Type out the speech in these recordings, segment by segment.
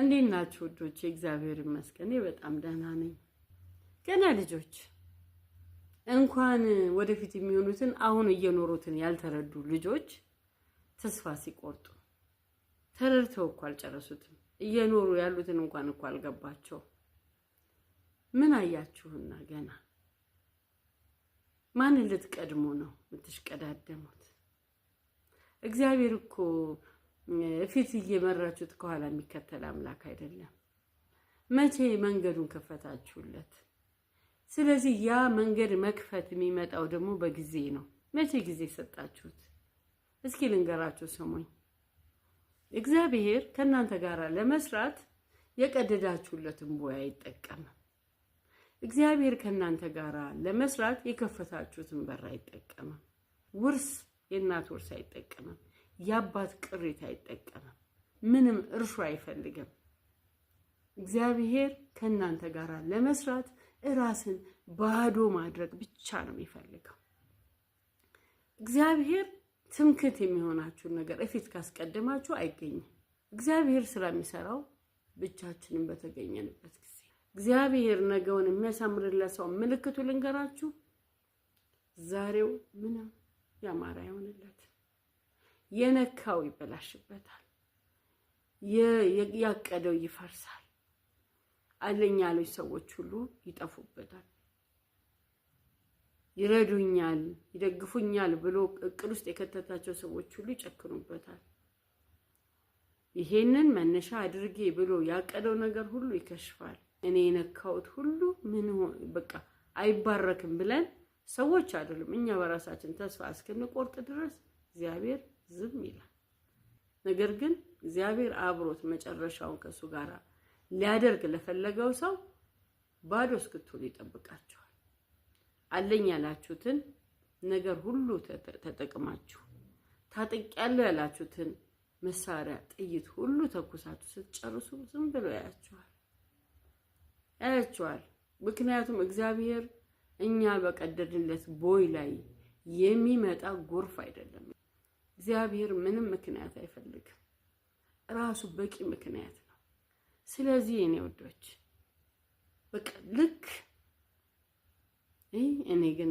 እንዴት ናችሁ ውዶች? እግዚአብሔር ይመስገን በጣም ደህና ነኝ። ገና ልጆች እንኳን ወደፊት የሚሆኑትን አሁን እየኖሩትን ያልተረዱ ልጆች ተስፋ ሲቆርጡ ተረድተው እኮ አልጨረሱትም። እየኖሩ ያሉትን እንኳን እኮ አልገባቸው። ምን አያችሁና ገና ማንን ልትቀድሙ ነው የምትሽቀዳደሙት? እግዚአብሔር እኮ ፊት እየመራችሁት ከኋላ የሚከተል አምላክ አይደለም። መቼ መንገዱን ከፈታችሁለት? ስለዚህ ያ መንገድ መክፈት የሚመጣው ደግሞ በጊዜ ነው። መቼ ጊዜ ሰጣችሁት? እስኪ ልንገራችሁ ስሙኝ። እግዚአብሔር ከእናንተ ጋር ለመስራት የቀደዳችሁለትን ቦይ አይጠቀምም። እግዚአብሔር ከእናንተ ጋር ለመስራት የከፈታችሁትን በር አይጠቀምም። ውርስ የእናት ውርስ አይጠቀምም። የአባት ቅሬታ አይጠቀምም። ምንም እርሾ አይፈልግም። እግዚአብሔር ከእናንተ ጋር ለመስራት እራስን ባዶ ማድረግ ብቻ ነው የሚፈልገው። እግዚአብሔር ትምክት የሚሆናችሁን ነገር እፊት ካስቀደማችሁ አይገኝም። እግዚአብሔር ስራ የሚሰራው ብቻችንን በተገኘንበት ጊዜ። እግዚአብሔር ነገውን የሚያሳምርለት ሰው ምልክቱ ልንገራችሁ፣ ዛሬው ምንም ያማረ አይሆንለት። የነካው ይበላሽበታል፣ ያቀደው ይፈርሳል፣ አለኛሎች ሰዎች ሁሉ ይጠፉበታል። ይረዱኛል፣ ይደግፉኛል ብሎ እቅድ ውስጥ የከተታቸው ሰዎች ሁሉ ይጨክኑበታል። ይሄንን መነሻ አድርጌ ብሎ ያቀደው ነገር ሁሉ ይከሽፋል። እኔ የነካሁት ሁሉ ምን በቃ አይባረክም ብለን ሰዎች አይደሉም እኛ በራሳችን ተስፋ እስክንቆርጥ ድረስ እግዚአብሔር ዝም ይላል። ነገር ግን እግዚአብሔር አብሮት መጨረሻውን ከእሱ ጋር ሊያደርግ ለፈለገው ሰው ባዶ እስክትሆኑ ይጠብቃችኋል። አለኝ ያላችሁትን ነገር ሁሉ ተጠቅማችሁ ታጥቂያለሁ ያላችሁትን መሳሪያ ጥይት ሁሉ ተኩሳችሁ ስትጨርሱ ዝም ብሎ ያያችኋል ያያችኋል። ምክንያቱም እግዚአብሔር እኛ በቀደድንለት ቦይ ላይ የሚመጣ ጎርፍ አይደለም። እግዚአብሔር ምንም ምክንያት አይፈልግም። ራሱ በቂ ምክንያት ነው። ስለዚህ እኔ ወዶች በቃ ልክ እኔ ግን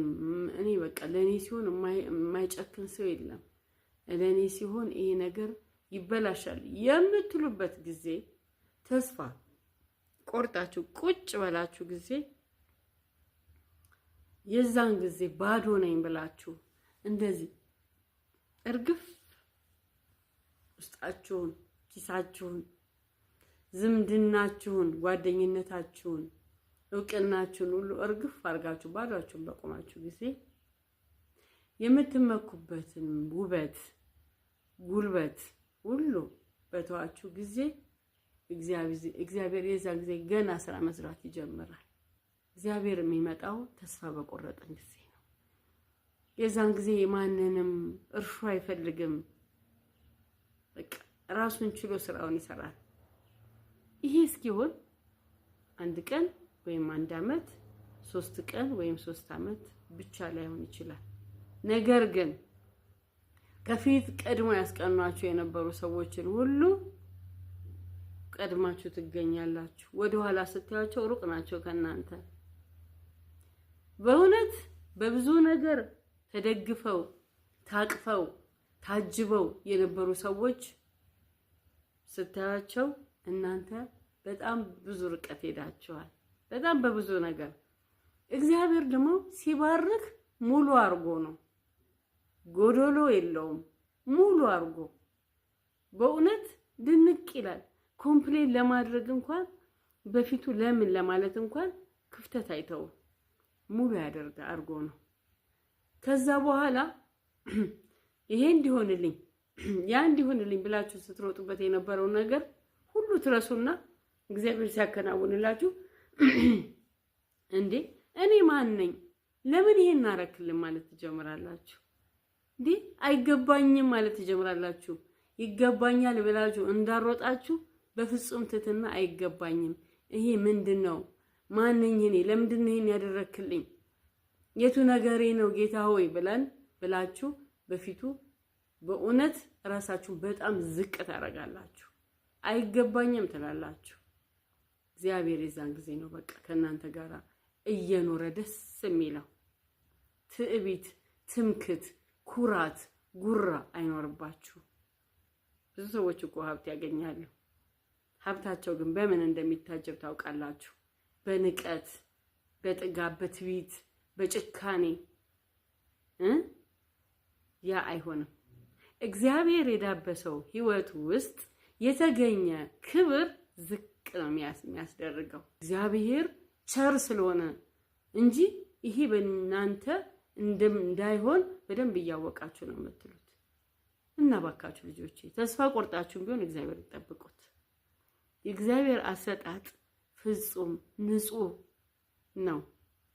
እኔ በቃ ለእኔ ሲሆን የማይጨክን ሰው የለም። ለእኔ ሲሆን ይሄ ነገር ይበላሻል የምትሉበት ጊዜ ተስፋ ቆርጣችሁ ቁጭ በላችሁ ጊዜ የዛን ጊዜ ባዶ ነኝ ብላችሁ እንደዚህ እርግፍ ውስጣችሁን፣ ኪሳችሁን፣ ዝምድናችሁን፣ ጓደኝነታችሁን፣ እውቅናችሁን ሁሉ እርግፍ አድርጋችሁ ባዷችሁን በቆማችሁ ጊዜ የምትመኩበትን ውበት ጉልበት ሁሉ በተዋችሁ ጊዜ እግዚአብሔር የዛ ጊዜ ገና ስራ መስራት ይጀምራል። እግዚአብሔር የሚመጣው ተስፋ በቆረጠን ጊዜ የዛን ጊዜ ማንንም እርሾ አይፈልግም። በቃ ራሱን ችሎ ስራውን ይሰራል። ይሄ እስኪሆን አንድ ቀን ወይም አንድ አመት፣ ሶስት ቀን ወይም ሶስት አመት ብቻ ላይሆን ይችላል። ነገር ግን ከፊት ቀድሞ ያስቀኗቸው የነበሩ ሰዎችን ሁሉ ቀድማችሁ ትገኛላችሁ። ወደኋላ ስታያቸው ሩቅ ናቸው ከእናንተ በእውነት በብዙ ነገር ተደግፈው ታቅፈው ታጅበው የነበሩ ሰዎች ስታያቸው እናንተ በጣም ብዙ ርቀት ሄዳችኋል። በጣም በብዙ ነገር እግዚአብሔር ደግሞ ሲባርክ ሙሉ አርጎ ነው፣ ጎዶሎ የለውም። ሙሉ አርጎ በእውነት ድንቅ ይላል። ኮምፕሌን ለማድረግ እንኳን በፊቱ ለምን ለማለት እንኳን ክፍተት አይተውም። ሙሉ ያደርጋ አርጎ ነው። ከዛ በኋላ ይሄ እንዲሆንልኝ ያ እንዲሆንልኝ ብላችሁ ስትሮጡበት የነበረው ነገር ሁሉ ትረሱና እግዚአብሔር ሲያከናውንላችሁ እንዴ እኔ ማን ነኝ ለምን ይሄን አረክልን ማለት ትጀምራላችሁ። እንዴ አይገባኝም ማለት ትጀምራላችሁ። ይገባኛል ብላችሁ እንዳሮጣችሁ በፍጹም ትትና አይገባኝም፣ ይሄ ምንድን ነው? ማን ነኝ እኔ? ለምንድን ነው ይሄን ያደረክልኝ? የቱ ነገሬ ነው ጌታ ሆይ ብለን ብላችሁ በፊቱ በእውነት ራሳችሁን በጣም ዝቅ ታደርጋላችሁ። አይገባኝም ትላላችሁ። እግዚአብሔር የዛን ጊዜ ነው በቃ ከእናንተ ጋር እየኖረ ደስ የሚለው። ትዕቢት፣ ትምክት፣ ኩራት፣ ጉራ አይኖርባችሁ። ብዙ ሰዎች እኮ ሀብት ያገኛሉ። ሀብታቸው ግን በምን እንደሚታጀብ ታውቃላችሁ? በንቀት፣ በጥጋብ፣ በትዕቢት በጭካኔ ያ አይሆንም። እግዚአብሔር የዳበሰው ህይወት ውስጥ የተገኘ ክብር ዝቅ ነው የሚያስደርገው እግዚአብሔር ቸር ስለሆነ እንጂ ይሄ በእናንተ እንዳይሆን በደንብ እያወቃችሁ ነው የምትሉት። እና ባካችሁ ልጆቼ ተስፋ ቆርጣችሁም ቢሆን እግዚአብሔር ይጠብቁት። የእግዚአብሔር አሰጣጥ ፍጹም ንጹህ ነው።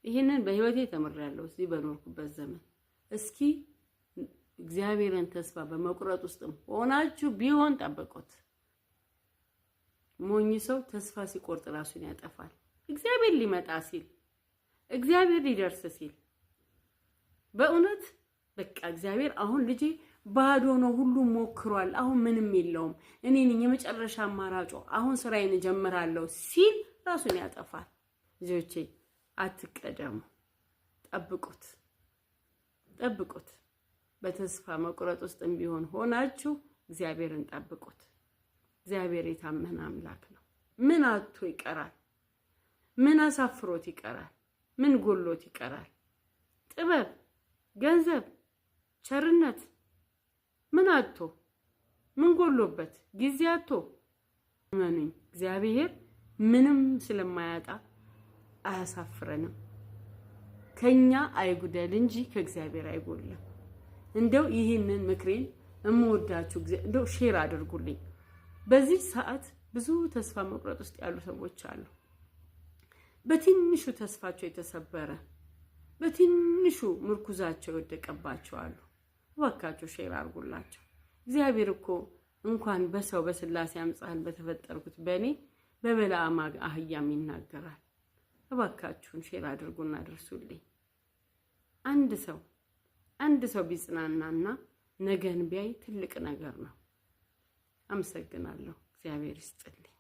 ይህንን በህይወቴ ተምሬያለሁ። እዚህ በኖርኩበት ዘመን እስኪ እግዚአብሔርን ተስፋ በመቁረጥ ውስጥም ሆናችሁ ቢሆን ጠብቁት። ሞኝ ሰው ተስፋ ሲቆርጥ ራሱን ያጠፋል። እግዚአብሔር ሊመጣ ሲል፣ እግዚአብሔር ሊደርስ ሲል በእውነት በቃ እግዚአብሔር አሁን ልጄ ባዶ ነው፣ ሁሉም ሞክሯል፣ አሁን ምንም የለውም፣ እኔ ነኝ የመጨረሻ አማራጮ፣ አሁን ስራዬን እጀምራለሁ ሲል ራሱን ያጠፋል ልጆቼ አትቀደሙ። ጠብቁት ጠብቁት። በተስፋ መቁረጥ ውስጥም ቢሆን ሆናችሁ እግዚአብሔርን ጠብቁት። እግዚአብሔር የታመነ አምላክ ነው። ምን አቶ ይቀራል? ምን አሳፍሮት ይቀራል? ምን ጎሎት ይቀራል? ጥበብ፣ ገንዘብ፣ ቸርነት ምን አቶ ምን ጎሎበት ጊዜ አቶ መኑኝ እግዚአብሔር ምንም ስለማያጣ አያሳፍረንም። ከኛ አይጉደል እንጂ ከእግዚአብሔር አይጎልም። እንደው ይህንን ምክሬን እምወዳችሁ እንደው ሼር አድርጉልኝ። በዚህ ሰዓት ብዙ ተስፋ መቁረጥ ውስጥ ያሉ ሰዎች አሉ። በትንሹ ተስፋቸው የተሰበረ በትንሹ ምርኩዛቸው የወደቀባቸው አሉ። እባካችሁ ሼር አድርጉላቸው። እግዚአብሔር እኮ እንኳን በሰው በስላሴ አምሳል በተፈጠርኩት በእኔ በበለዓም አህያም ይናገራል። እባካችሁን ሼር አድርጉና አድርሱልኝ። አንድ ሰው አንድ ሰው ቢጽናናና ነገን ቢያይ ትልቅ ነገር ነው። አመሰግናለሁ። እግዚአብሔር ይስጥልኝ።